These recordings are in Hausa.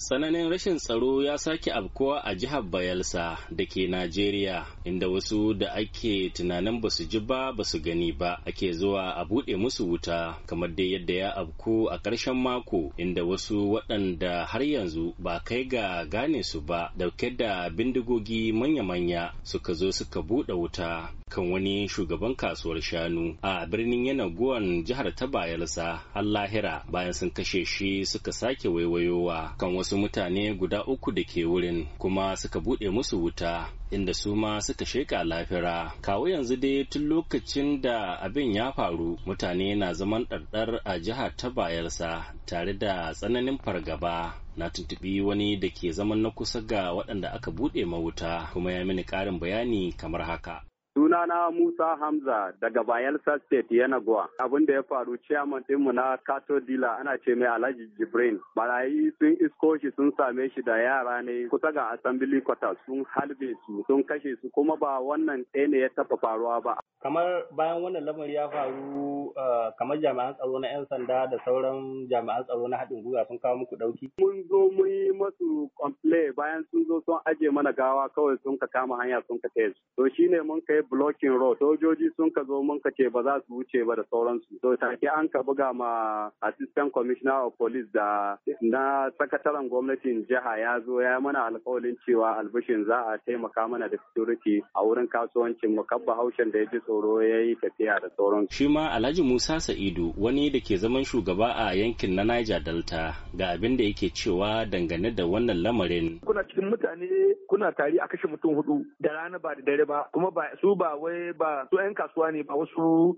Sananin rashin tsaro ya sake afkuwa a jihar Bayelsa da ke Najeriya, inda wasu da ake tunanin ba su ji ba ba su gani ba ake zuwa a buɗe musu wuta kamar dai yadda ya afku a ƙarshen mako inda wasu waɗanda har yanzu ba kai ga gane su ba dauke da bindigogi manya-manya suka zo suka buɗe wuta kan wani shugaban kasuwar shanu a birnin yanaguwan jihar ta Bayelsa har lahira bayan sun kashe shi suka sake waiwayowa kan wasu wasu mutane guda uku da ke wurin kuma suka buɗe musu wuta inda su ma suka sheka lafira kawo yanzu dai tun lokacin da abin ya faru mutane na zaman ɗarɗar a jiha ta bayelsa tare da tsananin fargaba na tuntuɓi wani da ke zaman na kusa ga waɗanda aka buɗe mawuta kuma ya mini ƙarin bayani kamar haka Sunana Musa Hamza daga Bayelsa State Yanagwa. Abin da ya faru chairman dinmu na Kato Dila ana ce mai Alhaji Jibrin. Barayi sun isko shi sun same shi da yara ne kusa ga Assembly Quarter sun halbe su sun kashe su kuma ba wannan ɗaya ne ya taɓa faruwa ba. kamar bayan wannan lamari ya faru eh, kamar jami'an tsaro na 'yan sanda da sauran jami'an tsaro na haɗin gwiwa sun kawo muku ɗauki? Mun zo mun yi masu complain bayan sun zo sun aje mana gawa kawai sun ka kama hanya sun ka kai su. To shi ne mun kai blocking road sojoji sun ka zo mun ka ce ba za su wuce ba da sauransu. To take an ka buga ma assistant commissioner of police da na sakataren gwamnatin jiha ya zo ya mana alƙawarin cewa albishin za a taimaka mana da security a wurin kasuwancin mu kabba haushen da ya ji tsoro ya yi tafiya da sauran shi ma alhaji musa sa'idu wani da ke zaman shugaba a yankin na niger delta ga abin da yake cewa dangane da wannan lamarin kuna cikin mutane kuna tari a kashe mutum hudu da rana ba da dare ba kuma ba su ba wai ba su 'yan kasuwa ne ba wasu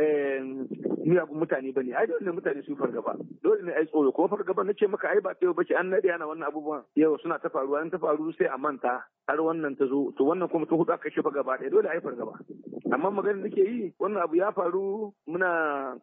eh, miyagun mutane ba ne ai dole ne mutane su fargaba dole ne ai tsoro kuma fargaba na ce maka ai ba ta ba ce an nade ana wannan abubuwan yau suna ta faruwa in ta faru sai a manta har wannan ta zo to wannan kuma ta hudu aka kashe fa gaba ɗaya dole ai fargaba amma kamar magana nake yi wannan abu ya faru muna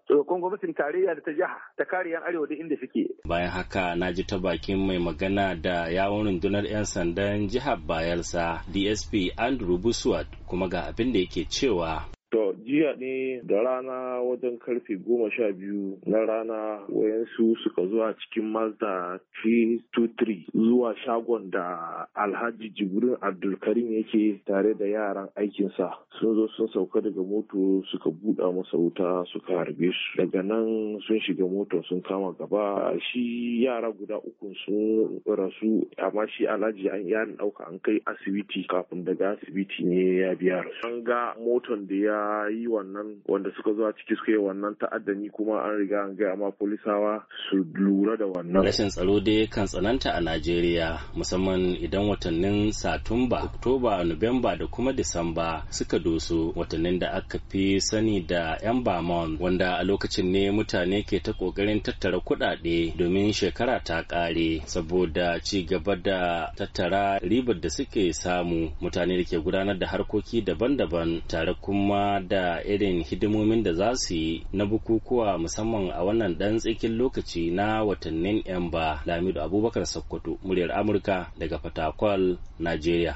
tsokon gwamnatin tarayya da ta jiha ta kare yan arewa da inda suke bayan haka na ji ta bakin mai magana da yawon rundunar yan sandan jihar bayelsa dsp andrew buswat kuma ga abin da yake cewa To jiya ne da rana wajen karfe goma sha biyu na rana wayansu suka zuwa cikin Mazda 323 zuwa shagon da Alhaji Jibrin Abdulkarim yake tare da yaran aikinsa. Sun zo sun sauka daga moto suka buɗa masa wuta suka harbe su. Daga nan sun shiga moto sun kama gaba shi yara guda uku sun rasu amma shi Alhaji an yarin ɗauka an kai asibiti kafin daga asibiti ne ya biya An ga motan da ya ya yi wannan wanda suka zo a ciki suka yi wannan ta'addani kuma an riga an gaya ma polisawa su lura da wannan. Rashin tsaro dai kan tsananta a Najeriya musamman idan watannin Satumba, Oktoba, Nuwamba da kuma Disamba suka doso watannin da aka fi sani da 'yan Bamon wanda a lokacin ne mutane ke ta kokarin tattara kuɗaɗe domin shekara ta ƙare saboda ci gaba da tattara ribar da suke samu mutane da ke gudanar da harkoki daban-daban tare kuma da irin hidimomin da za su yi na bukukuwa musamman a wannan dan tsakin lokaci na watannin yamba lamido abubakar sokoto muryar amurka daga fatakwal najeriya